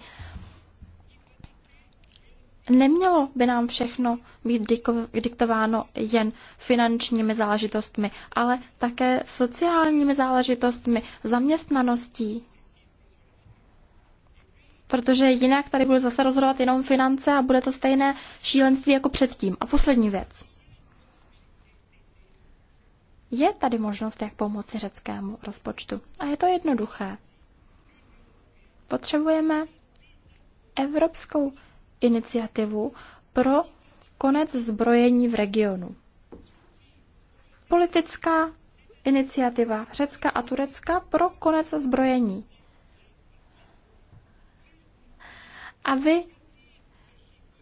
S2: Nemělo by nám všechno být diktováno jen finančními záležitostmi, ale také sociálními záležitostmi, zaměstnaností. Protože jinak tady budou zase rozhodovat jenom finance a bude to stejné šílenství jako předtím. A poslední věc. Je tady možnost, jak pomoci řeckému rozpočtu. A je to jednoduché. Potřebujeme evropskou iniciativu pro konec zbrojení v regionu. Politická iniciativa Řecka a Turecka pro konec zbrojení. A vy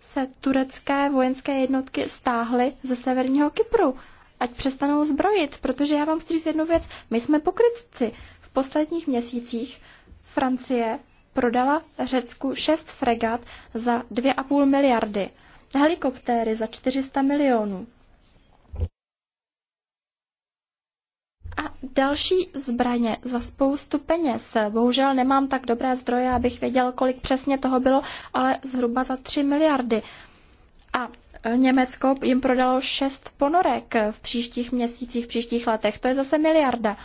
S2: se turecké vojenské jednotky stáhly ze severního Kypru. Ať přestanou zbrojit, protože já vám chci říct jednu věc. My jsme pokrytci. V posledních měsících Francie prodala Řecku šest fregat za 2,5 miliardy, helikoptéry za 400 milionů a další zbraně za spoustu peněz. Bohužel nemám tak dobré zdroje, abych věděl, kolik přesně toho bylo, ale zhruba za 3 miliardy. A Německo jim prodalo šest ponorek v příštích měsících, v příštích letech. To je zase miliarda.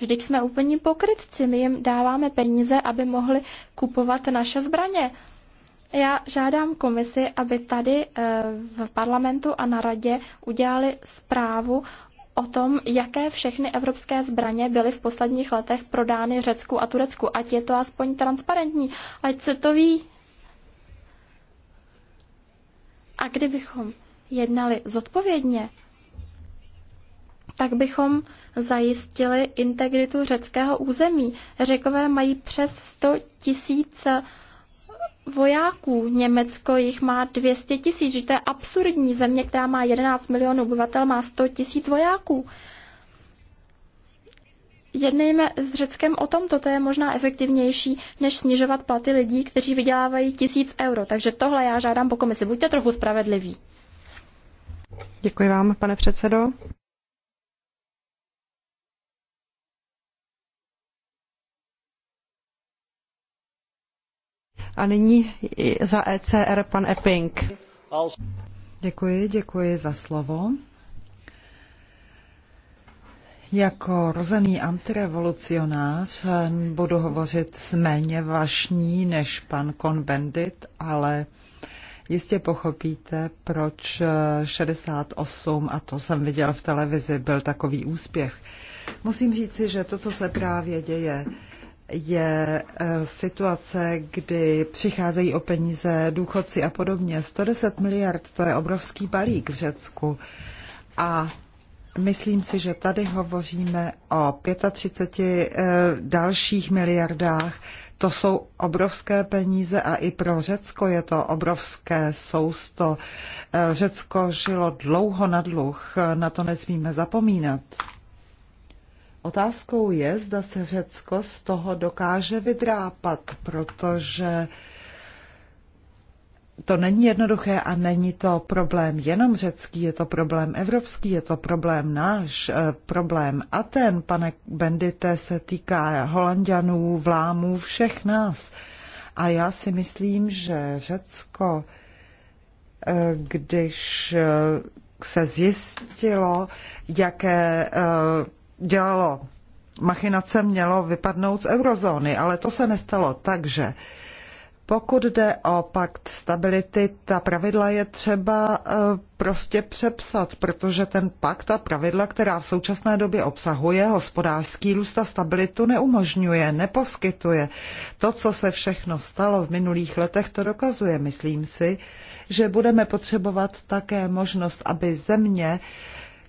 S2: Vždyť jsme úplně pokrytci, my jim dáváme peníze, aby mohli kupovat naše zbraně. Já žádám komisi, aby tady eh, v parlamentu a na radě udělali zprávu o tom, jaké všechny evropské zbraně byly v posledních letech prodány Řecku a Turecku. Ať je to aspoň transparentní, ať se to ví. A kdybychom jednali zodpovědně, tak bychom zajistili integritu řeckého území. Řekové mají přes 100 tisíc vojáků. Německo jich má 200 tisíc. Že to je absurdní země, která má 11 milionů obyvatel, má 100 tisíc vojáků. Jednejme s Řeckem o tom, toto je možná efektivnější, než snižovat platy lidí, kteří vydělávají tisíc euro. Takže tohle já žádám po komisi. Buďte trochu spravedliví.
S1: Děkuji vám, pane předsedo. A nyní za ECR pan Epping.
S3: Děkuji, děkuji za slovo. Jako rozený antirevolucionář budu hovořit s méně vašní než pan Konbendit, ale jistě pochopíte, proč 68, a to jsem viděl v televizi, byl takový úspěch. Musím říci, že to, co se právě děje, je eh, situace, kdy přicházejí o peníze důchodci a podobně. 110 miliard, to je obrovský balík v Řecku. A myslím si, že tady hovoříme o 35 eh, dalších miliardách. To jsou obrovské peníze a i pro Řecko je to obrovské sousto. Eh, Řecko žilo dlouho na dluh, na to nesmíme zapomínat. Otázkou je, zda se Řecko z toho dokáže vydrápat, protože to není jednoduché a není to problém jenom řecký, je to problém evropský, je to problém náš, eh, problém Aten, pane Bendite, se týká Holandianů, Vlámů, všech nás. A já si myslím, že Řecko, eh, když eh, se zjistilo, jaké dělalo machinace, mělo vypadnout z eurozóny, ale to se nestalo. Takže pokud jde o pakt stability, ta pravidla je třeba eh, prostě přepsat, protože ten pakt a pravidla, která v současné době obsahuje, hospodářský růst a stabilitu neumožňuje, neposkytuje. To, co se všechno stalo v minulých letech, to dokazuje. Myslím si, že budeme potřebovat také možnost, aby země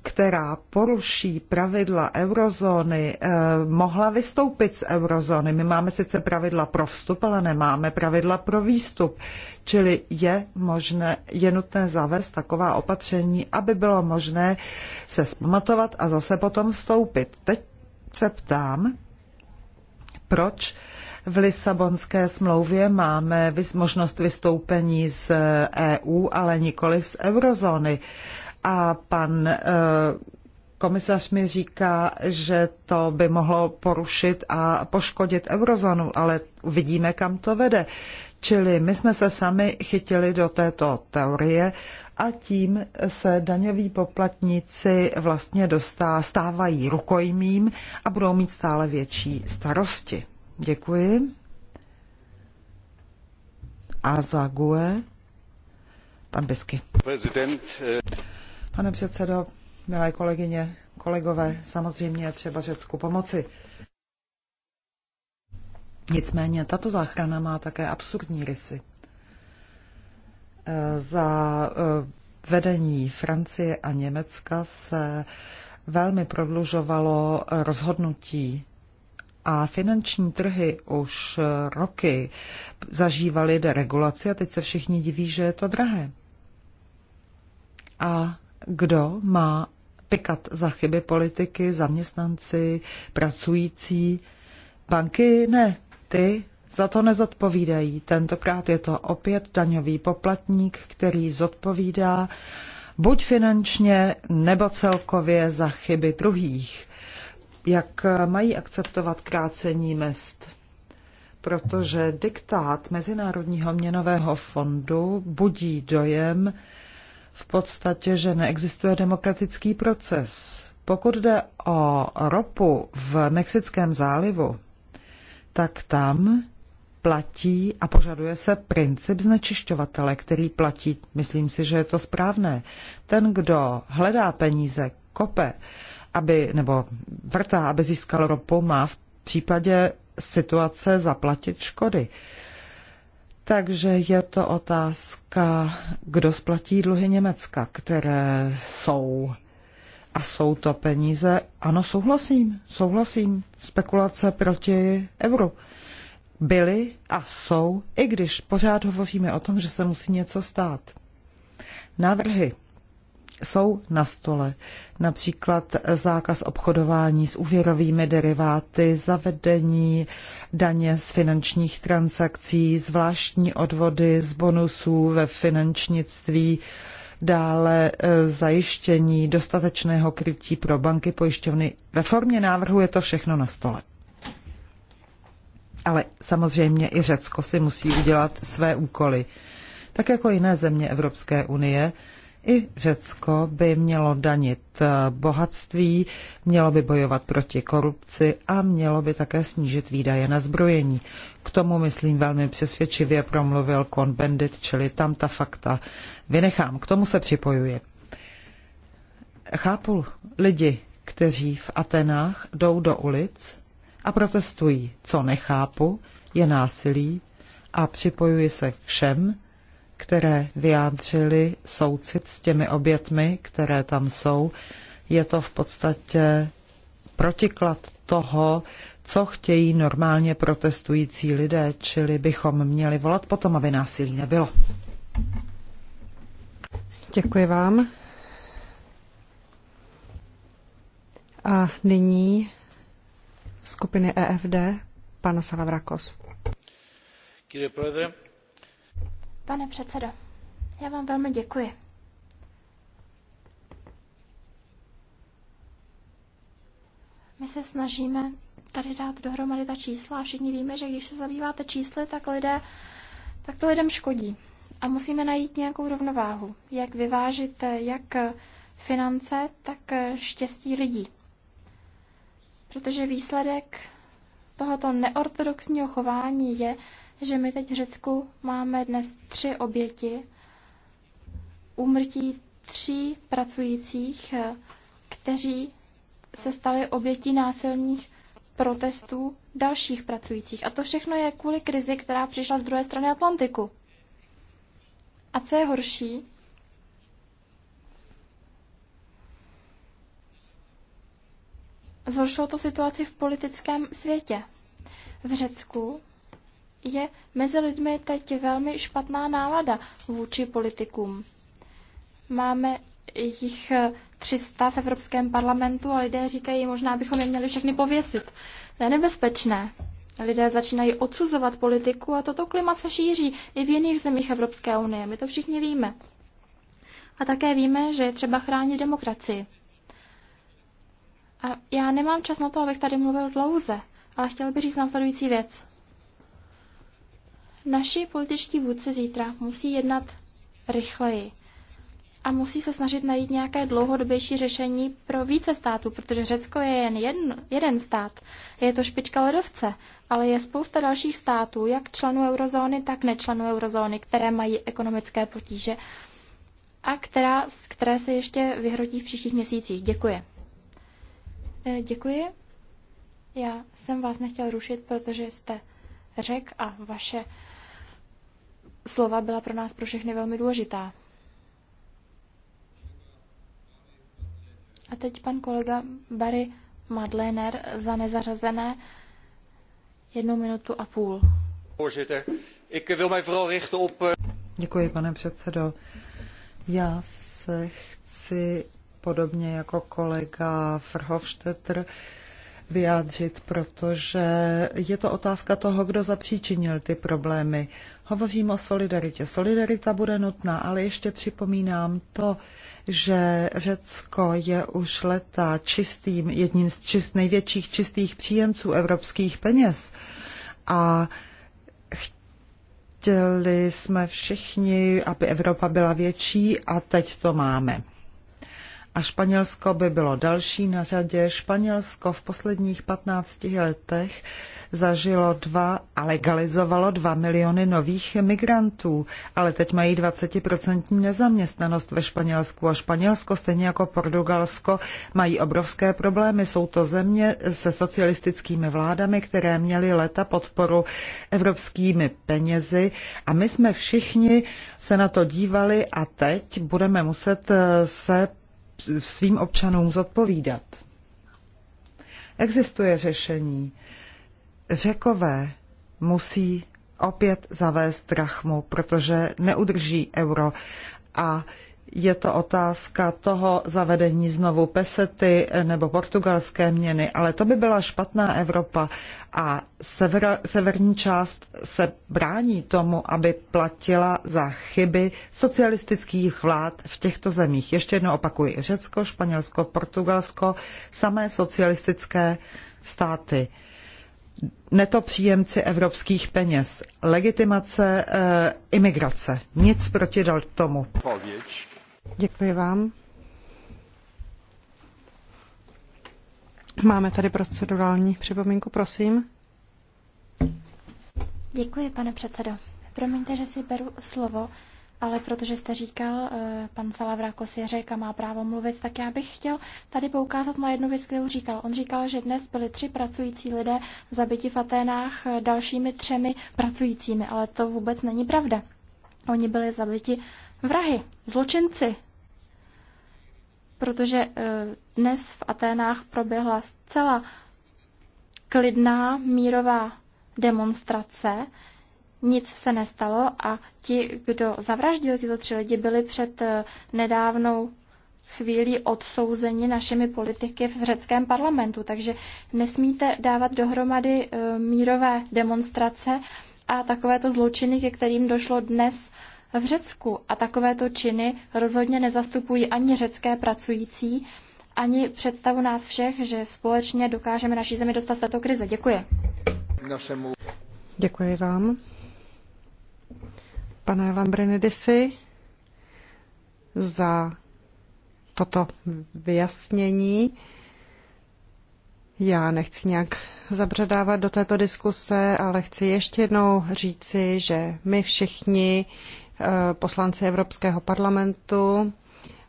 S3: která poruší pravidla eurozóny, eh, mohla vystoupit z eurozóny. My máme sice pravidla pro vstup, ale nemáme pravidla pro výstup. Čili je možné, je nutné zavést taková opatření, aby bylo možné se zpamatovat a zase potom vstoupit. Teď se ptám, proč v Lisabonské smlouvě máme možnost vystoupení z EU, ale nikoli z eurozóny a pan eh, komisař mi říká, že to by mohlo porušit a poškodit eurozonu, ale uvidíme, kam to vede. Čili my jsme se sami chytili do této teorie a tím se daňoví poplatníci vlastně dostá, stávají rukojmím a budou mít stále větší starosti. Děkuji. A za GUE pan Bisky. Prezident, eh... Pane předsedo, milé kolegyně, kolegové, samozřejmě je třeba Řecku pomoci. Nicméně tato záchrana má také absurdní rysy. E, za e, vedení Francie a Německa se velmi prodlužovalo rozhodnutí a finanční trhy už roky zažívaly deregulaci a teď se všichni diví, že je to drahé. A kdo má pikat za chyby politiky, zaměstnanci, pracující. Banky ne, ty za to nezodpovídají. Tentokrát je to opět daňový poplatník, který zodpovídá buď finančně nebo celkově za chyby druhých. Jak mají akceptovat krácení mest? Protože diktát Mezinárodního měnového fondu budí dojem, v podstatě, že neexistuje demokratický proces. Pokud jde o ropu v Mexickém zálivu, tak tam platí a požaduje se princip znečišťovatele, který platí. Myslím si, že je to správné. Ten, kdo hledá peníze, kope, aby, nebo vrtá, aby získal ropu, má v případě situace zaplatit škody. Takže je to otázka, kdo splatí dluhy Německa, které jsou. A jsou to peníze? Ano, souhlasím, souhlasím. Spekulace proti euru. Byly a jsou, i když pořád hovoříme o tom, že se musí něco stát. Návrhy jsou na stole. Například zákaz obchodování s úvěrovými deriváty, zavedení daně z finančních transakcí, zvláštní odvody z bonusů ve finančnictví, dále e, zajištění dostatečného krytí pro banky pojišťovny. Ve formě návrhu je to všechno na stole. Ale samozřejmě i Řecko si musí udělat své úkoly. Tak jako jiné země Evropské unie, i Řecko by mělo danit eh, bohatství, mělo by bojovat proti korupci a mělo by také snížit výdaje na zbrojení. K tomu, myslím, velmi přesvědčivě promluvil Kon Bendit, čili tam ta fakta vynechám. K tomu se připojuji. Chápu lidi, kteří v Atenách jdou do ulic a protestují. Co nechápu, je násilí a připojuji se k všem, které vyjádřili soucit s těmi obětmi, které tam jsou. Je to v podstatě protiklad toho, co chtějí normálně protestující lidé, čili bychom měli volat potom, aby násilí nebylo. Děkuji vám. A
S1: nyní skupiny EFD, pan Salavrakos.
S2: Kýrie Pane předsedo, já vám velmi děkuji. My se snažíme tady dát dohromady ta čísla a všichni víme, že když se zabýváte čísly, tak, lidé, tak to lidem škodí. A musíme najít nějakou rovnováhu, jak vyvážit jak finance, tak štěstí lidí. Protože výsledek tohoto neortodoxního chování je, že my teď v Řecku máme dnes tři oběti úmrtí tří pracujících, eh, kteří se stali obětí násilních protestů dalších pracujících. A to všechno je kvůli krizi, která přišla z druhé strany Atlantiku. A co je horší, zhoršilo to situaci v politickém světě. V Řecku je mezi lidmi teď velmi špatná nálada vůči politikům. Máme jich 300 v Evropském parlamentu a lidé říkají, možná bychom je měli všechny pověsit. To je nebezpečné. Lidé začínají odsuzovat politiku a toto klima se šíří i v jiných zemích Evropské unie. My to všichni víme. A také víme, že je třeba chránit demokracii. A já nemám čas na to, abych tady mluvil dlouze, ale chtěl bych říct následující věc. Naši političtí vůdci zítra musí jednat rychleji a musí se snažit najít nějaké dlouhodobější řešení pro více států, protože Řecko je jen jedno, jeden stát. Je to špička ledovce, ale je spousta dalších států, jak členů eurozóny, tak nečlenů eurozóny, které mají ekonomické potíže a která, které se ještě vyhrotí v příštích měsících. Děkuji. E, děkuji. Já jsem vás nechtěl rušit, protože jste řek a vaše slova byla pro nás pro všechny velmi důležitá. A teď pan kolega Barry Madlener za nezařazené jednu minutu a půl. Eh, Děkuji, pane předsedo.
S3: Já se chci podobně jako kolega Verhofstedt vyjádřit, protože je to otázka toho, kdo zapříčinil ty problémy. Hovořím o solidaritě. Solidarita bude nutná, ale ještě připomínám to, že Řecko je už leta čistým, jedním z čist, největších čistých příjemců evropských peněz. A chtěli jsme všichni, aby Evropa byla větší a teď to máme a Španělsko by bylo další na řadě. Španělsko v posledních 15 letech zažilo dva a legalizovalo dva miliony nových migrantů, ale teď mají 20% nezaměstnanost ve Španělsku a Španělsko, stejně jako Portugalsko, mají obrovské problémy. Jsou to země se socialistickými vládami, které měly leta podporu evropskými penězi a my jsme všichni se na to dívali a teď budeme muset se svým občanům zodpovídat. Existuje řešení. Řekové musí opět zavést drachmu, protože neudrží euro. A je to otázka toho zavedení znovu pesety nebo portugalské měny, ale to by byla špatná Evropa a sever, severní část se brání tomu, aby platila za chyby socialistických vlád v těchto zemích. Ještě jednou opakuji, Řecko, Španělsko, Portugalsko, samé socialistické státy příjemci evropských peněz, legitimace e, imigrace. Nic proti tomu.
S1: Pověď.
S3: Děkuji vám.
S1: Máme tady procedurální připomínku, prosím.
S2: Děkuji, pane předsedo. Promiňte, že si beru slovo, ale protože jste říkal, eh, pan Salavrakos je řeka má právo mluvit, tak já bych chtěl tady poukázat na jednu věc, kterou říkal. On říkal, že dnes byli tři pracující lidé zabiti v Aténách eh, dalšími třemi pracujícími, ale to vůbec není pravda. Oni byli zabiti vrahy, zločinci. Protože eh, dnes v Aténách proběhla zcela klidná mírová demonstrace, nic se nestalo a ti, kdo zavraždil tyto tři lidi, byli před eh, nedávnou chvílí odsouzeni našimi politiky v řeckém parlamentu. Takže nesmíte dávat dohromady eh, mírové demonstrace a takovéto zločiny, ke kterým došlo dnes v Řecku. A takovéto činy rozhodně nezastupují ani řecké pracující, ani představu nás všech, že společně dokážeme naší zemi dostat z této krize. Děkuji.
S1: Děkuji vám.
S2: Pane Lambrinidisi,
S1: za toto vyjasnění. Já nechci nějak zabředávat do této diskuse, ale chci ještě jednou říci, že my všichni Eh, poslanci Evropského parlamentu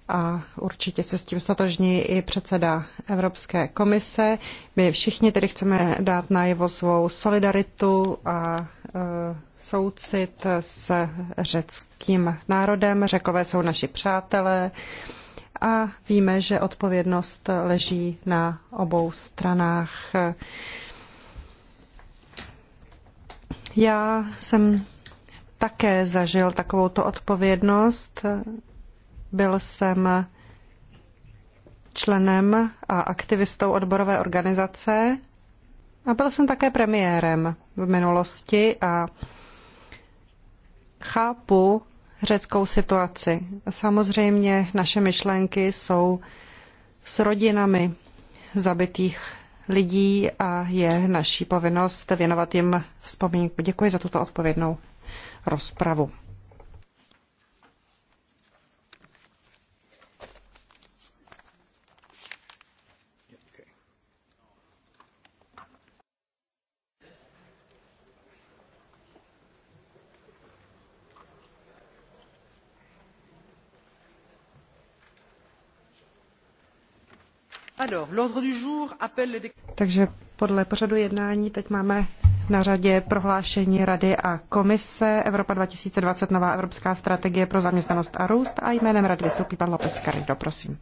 S1: a určitě se s tím stotožní i předseda Evropské komise. My všichni tedy chceme dát najevo svou solidaritu a eh, soucit s řeckým národem. Řekové jsou naši přátelé a víme, že odpovědnost leží na obou stranách. Já jsem také zažil takovouto odpovědnost. Byl jsem členem a aktivistou odborové organizace a byl jsem také premiérem v minulosti a chápu řeckou situaci. Samozřejmě naše myšlenky jsou s rodinami zabitých lidí a je naší povinnost věnovat jim vzpomínku. Děkuji za tuto odpovědnou rozpravu. Takže podle pořadu jednání teď máme na řadě prohlášení Rady a Komise Evropa 2020 nová evropská strategie pro zaměstnanost a růst a jménem Rady vystoupí pan López Garrido, prosím.